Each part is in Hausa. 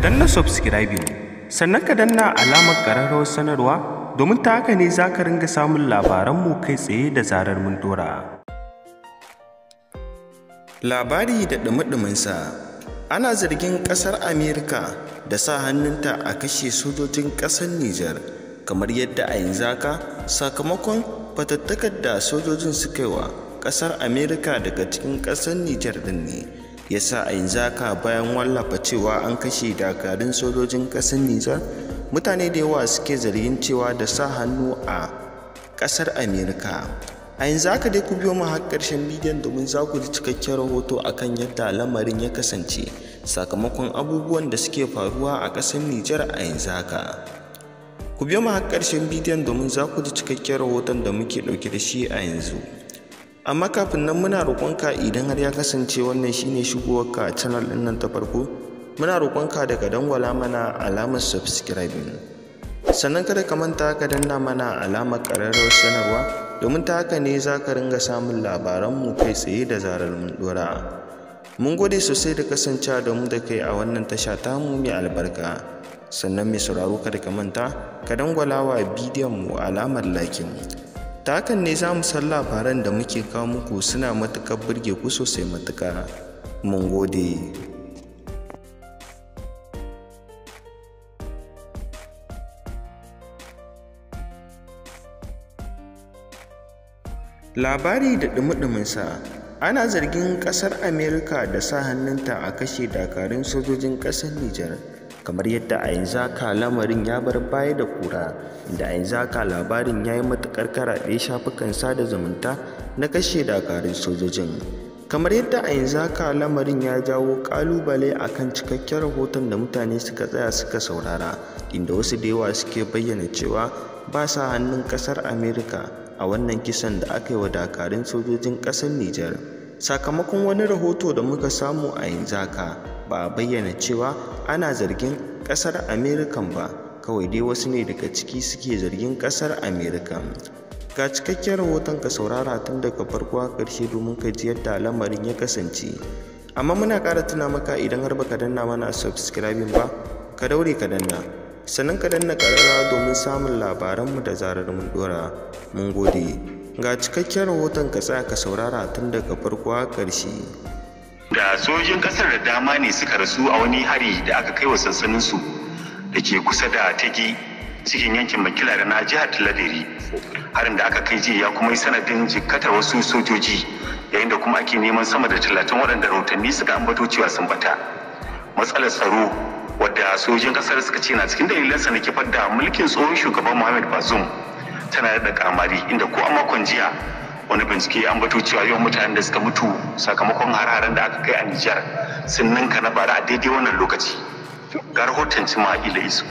danna subscribing sannan ka danna alamar ƙararrawar sanarwa domin ta haka ne za ka ringa samun labaranmu kai tsaye da zarar mun dora. Labari da ɗumi-ɗuminsa ana zargin ƙasar Amerika da sa hannunta a kashe sojojin ƙasar Nijar kamar yadda a yanzu haka sakamakon fatattakar da sojojin suka yi wa ƙasar Amerika daga cikin ƙasar Nijar din ne. ya sa a yanzu haka bayan wallafa cewa an kashe dakarun sojojin ƙasar nijar mutane da yawa suke zargin cewa da sa hannu a ƙasar amerika a yanzu haka dai ku biyo mu har ƙarshen bidiyon domin za ku ji cikakken rahoto akan yadda lamarin ya kasance sakamakon abubuwan da suke faruwa a ƙasar nijar a yanzu haka ku biyo mu har ƙarshen bidiyon domin za ku ji cikakken rahoton da muke ɗauke da shi a yanzu amma kafin nan muna roƙonka idan har ya kasance wannan shine shigowarka a channel ɗin nan ta farko muna roƙonka daga dangwala mana alamar subscribing sannan kada ka manta ka danna mana alamar ƙararrawar sanarwa domin ta haka ne za ka ringa samun labaranmu kai tsaye da zarar mun ɗora mun gode sosai da kasancewa da mu da kai a wannan tasha tamu mai albarka sannan mai sauraro kada ka manta ka dangwala wa bidiyon mu alamar mu Takan ne za mu san labaran da muke kawo muku suna matuƙar burge ku sosai matuƙa mun gode labari da ɗumi-ɗuminsa ana zargin ƙasar amerika da sa hannunta a kashe dakarun sojojin ƙasar nijar kamar yadda a yanzu haka lamarin ya bar baya da kura inda a yanzu haka labarin ya yi matuƙar karaɗe shafukan sada zumunta na kashe dakarun sojojin kamar yadda a yanzu haka lamarin ya jawo ƙalubale a kan cikakken rahoton da mutane suka tsaya suka saurara inda wasu da yawa suke bayyana cewa ba sa hannun kasar amerika a wannan kisan da aka yi wa dakarun sojojin kasar niger sakamakon wani rahoto da muka samu a yanzu haka ba a bayyana cewa ana zargin ƙasar amerikan ba kawai dai wasu ne daga ciki suke zargin kasar amerika ga cikakken rahoton ka saurara tun daga farko a ƙarshe domin ka ji yadda lamarin ya kasance amma muna ƙara tuna maka idan har baka danna mana subscribing ba ka daure ka danna sannan ka danna ƙararra domin samun labaranmu da zarar mun dora mun gode ga cikakken rahoton ka tsaya ka saurara tun daga farko a ƙarshe da sojin kasar da dama ne suka rasu a wani hari da aka kai wa sansanin su da ke kusa da tagi cikin yankin makila da na jihar Tiladiri harin da aka kai jiya ya kuma yi sanadin jikkatar wasu sojoji yayin da kuma ake neman sama da talatin waɗanda rahotanni suka ambato cewa sun bata matsalar tsaro wadda sojin kasar suka ce na cikin dalilansa na kifar da mulkin tsohon shugaban Muhammad Bazoum tana da kamari inda ko a makon jiya wani bincike an ambato cewa yawan mutanen da suka mutu sakamakon hararen da aka kai a Nijar sun ninka na bara a daidai wannan lokaci ga rahoton cima ila isu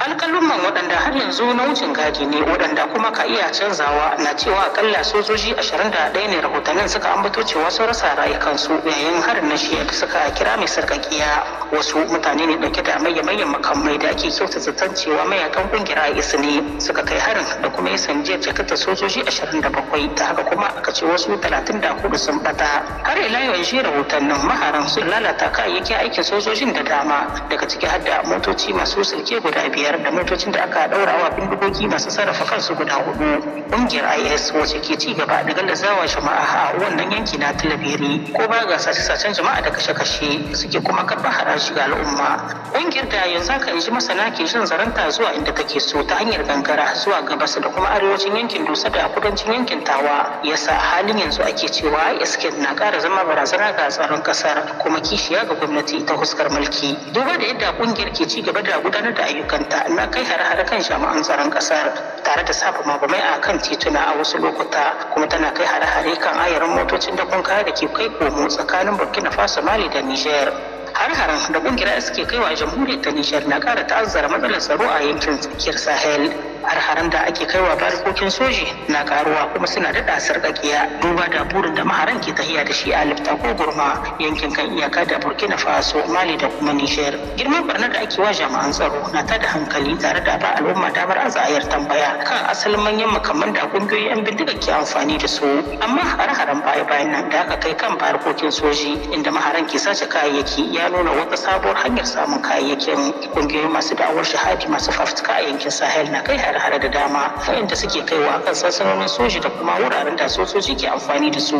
alkalumman waɗanda har yanzu na wucin gadi ne waɗanda kuma ka iya canzawa na cewa akalla sojoji 21 ne rahotannin suka ambato cewa sun rasa rayukansu yayin harin na shiyar suka kira mai sarƙaƙiya. wasu mutane ne dauke da amayya mayen makamai da ake kyauta zaton cewa mayakan kungiyar is ne suka kai harin da kuma ya sanjiyar jakarta sojoji 27 da haka kuma aka ce wasu hudu sun bata har ila yau shi rahotannin maharan sun lalata kayayyakin aikin sojojin da dama daga ciki har da motoci masu sulke guda biyar da motocin da aka daura wa bindigogi masu sarrafa kansu guda hudu kungiyar is wace ke ci gaba da gallazawa jama'a a wannan yanki na talabiri ko ba ga sace-sacen jama'a da kashe-kashe suke kuma karɓar a shi ga al'umma ƙungiyar da yanzu haka in ji masana ke shan zaranta zuwa inda take so ta hanyar gangara zuwa gabas da kuma arewacin yankin dusa da kudancin yankin tawa yasa halin yanzu ake cewa iskin na kara zama barazana ga tsaron kasar kuma kishiya ga gwamnati ta huskar mulki duba da yadda ƙungiyar ke ci gaba da gudanar da ayyukanta na kai hare-hare kan jami'an tsaron kasar tare da safa bamai a kan tituna a wasu lokuta kuma tana kai hare-hare kan ayarin motocin da dakon kaya da ke kai komo tsakanin burkina faso mali da niger har-haren da kungiyar suke kaiwa jamhuriyar ta nijar na kara ta'azzara matsalar tsaro a yankin tsakiyar sahel har da ake kaiwa barkokin soji na karuwa kuma suna daɗa sarƙaƙiya duba da burin da maharan ke tahiya da shi a lifta ko gurma yankin kan iyaka da burkina faso mali da kuma niger girman barnar da ake wa jami'an tsaro na ta da hankali tare da ba al'umma damar azayar tambaya kan asalin manyan makaman da kungiyoyin 'yan bindiga ke amfani da su amma har-haren baya-bayan nan da aka kai kan barkokin soji inda maharan ke sace kayayyaki ya nuna wata sabuwar hanyar samun kayayyakin kungiyoyi masu da'awar shahadi masu fafutuka a yankin sahel na kai hare da dama waɗanda suke kaiwa kan sassanonin soji da kuma wuraren da sojoji ke amfani da su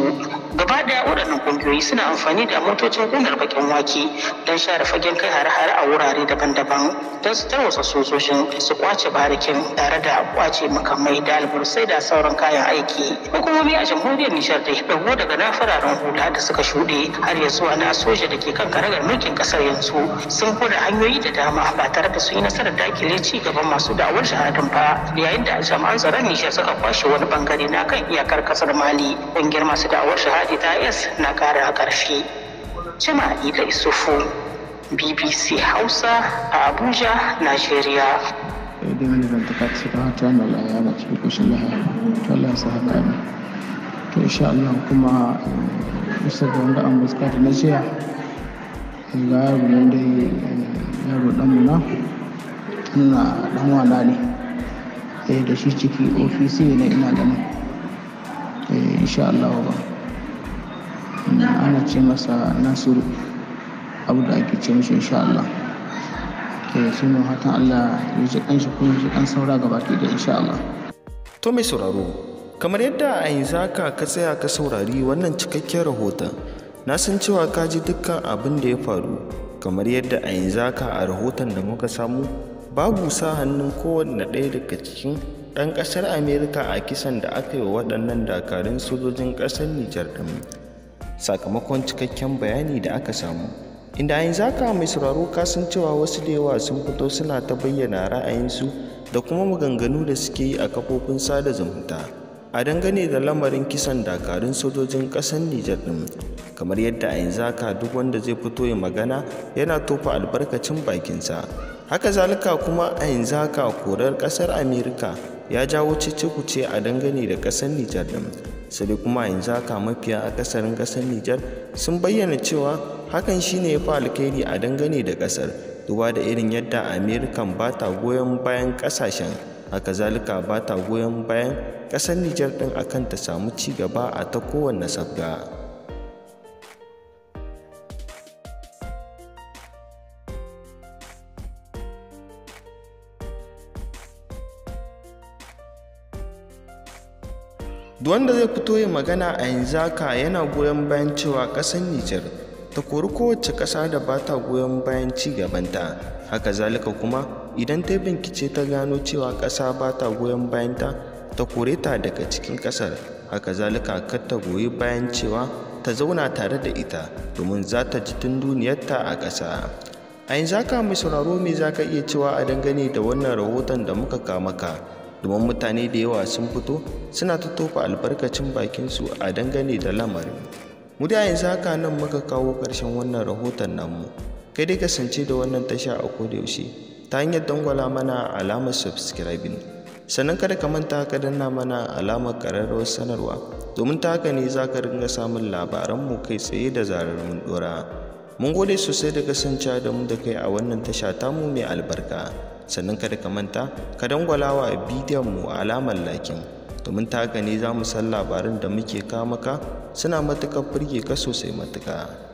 gaba daya waɗannan ƙungiyoyi suna amfani da motocin ƙunar bakin wake don share fagen kai hare-hare a wurare daban-daban don su tarwatsa sojojin su kwace barikin tare da kwace makamai da albursai da sauran kayan aiki hukumomi a jamhuriyar nishar da ɗago daga na fararen hula da suka shuɗe har ya zuwa na soja da ke kan karagar mulkin ƙasar yanzu sun kuna hanyoyi da dama ba tare da sun yi nasarar dakile ci gaban masu da'awar shahadan ba yayin da jami'an tsaron Nijar suka kwashe wani bangare na kan iyakar kasar Mali ƙungiyar masu da'awar shahadi ta IS na ƙara ƙarfi. Jama'a Ila Isufu BBC Hausa a Abuja, Najeriya. Idan wani rantaka ta suka hata na la'ayana cikin ƙoshin lahaya, to Allah ya sa haka ne. To insha Allah kuma bisa ga wanda an buska da na jiya, ga yaro nan dai yaro ɗan muna, ina ɗan wana ne. Eh, da shi ciki ofisi ne ina ganin eh, insha Allah ba hmm, ana ce masa nasiru abu da ake ce mishi insha Allah eh, su ne hatan Allah ya ji kanshi kuma ji kan saura gaba da insha Allah to mai sauraro kamar yadda a yanzu haka ka tsaya ka saurari wannan cikakken rahoton na san cewa ka ji dukkan abin da ya faru kamar yadda a yanzu haka a rahoton da muka samu babu sa hannun kowanne ɗaya daga cikin ɗan ƙasar amerika a kisan da aka yi wa waɗannan dakarun sojojin ƙasar nijar da sakamakon cikakken bayani da aka samu inda ayin zaka mai sauraro kasan cewa wasu da yawa sun fito suna ta bayyana ra'ayinsu da kuma maganganu da suke yi a kafofin sada zumunta a dangane da lamarin kisan dakarun sojojin ƙasar nijar ɗin kamar yadda a yanzu duk wanda zai fito ya magana yana tofa albarkacin bakinsa haka zalika kuma a yanzu haka korar kasar amerika ya jawo cece-kuce a dangane da kasar nijar din sai kuma a yanzu haka mafiya a kasarin kasar nijar sun bayyana cewa hakan shine ya fi alkhairi a dangane da kasar duba da irin yadda amerikan ba ta goyon bayan kasashen haka zalika ba ta goyon bayan kasar nijar din akan ta samu ci gaba a ta kowanne sabga. wanda zai fito yi magana a yanzu haka yana goyon bayan cewa ƙasar Nijar ta kori kowace ƙasa da ba ta goyon bayan ci gabanta haka zalika kuma idan ta bincike ta gano cewa ƙasa ba ta goyon bayanta ta kore ta daga cikin ƙasar haka zalika kar ta goyi bayan cewa ta zauna tare da ita domin za ta ji tun duniyarta a ƙasa a yanzu haka mai sauraro mai za ka iya cewa a dangane da wannan rahoton da muka kama ka domin mutane da yawa sun fito suna ta tofa albarkacin bakinsu a dangane da lamarin mu da yanzu haka nan muka kawo ƙarshen wannan rahoton namu kai dai kasance da wannan tasha a kodayaushe ta hanyar dangwala mana alamar subscribing sannan kada ka manta ka danna mana alamar ƙararrawar sanarwa domin ta haka ne za ka ringa samun labaranmu kai tsaye da zarar mun ɗora mun gode sosai da kasancewa da mu da kai a wannan tasha tamu mai albarka sannan kada ka manta ka dangwalawa a bidiyon mu a alamar lakin domin ta haka ne za mu san labarin da muke kamaka ka suna matuƙar burge ka sosai matuƙa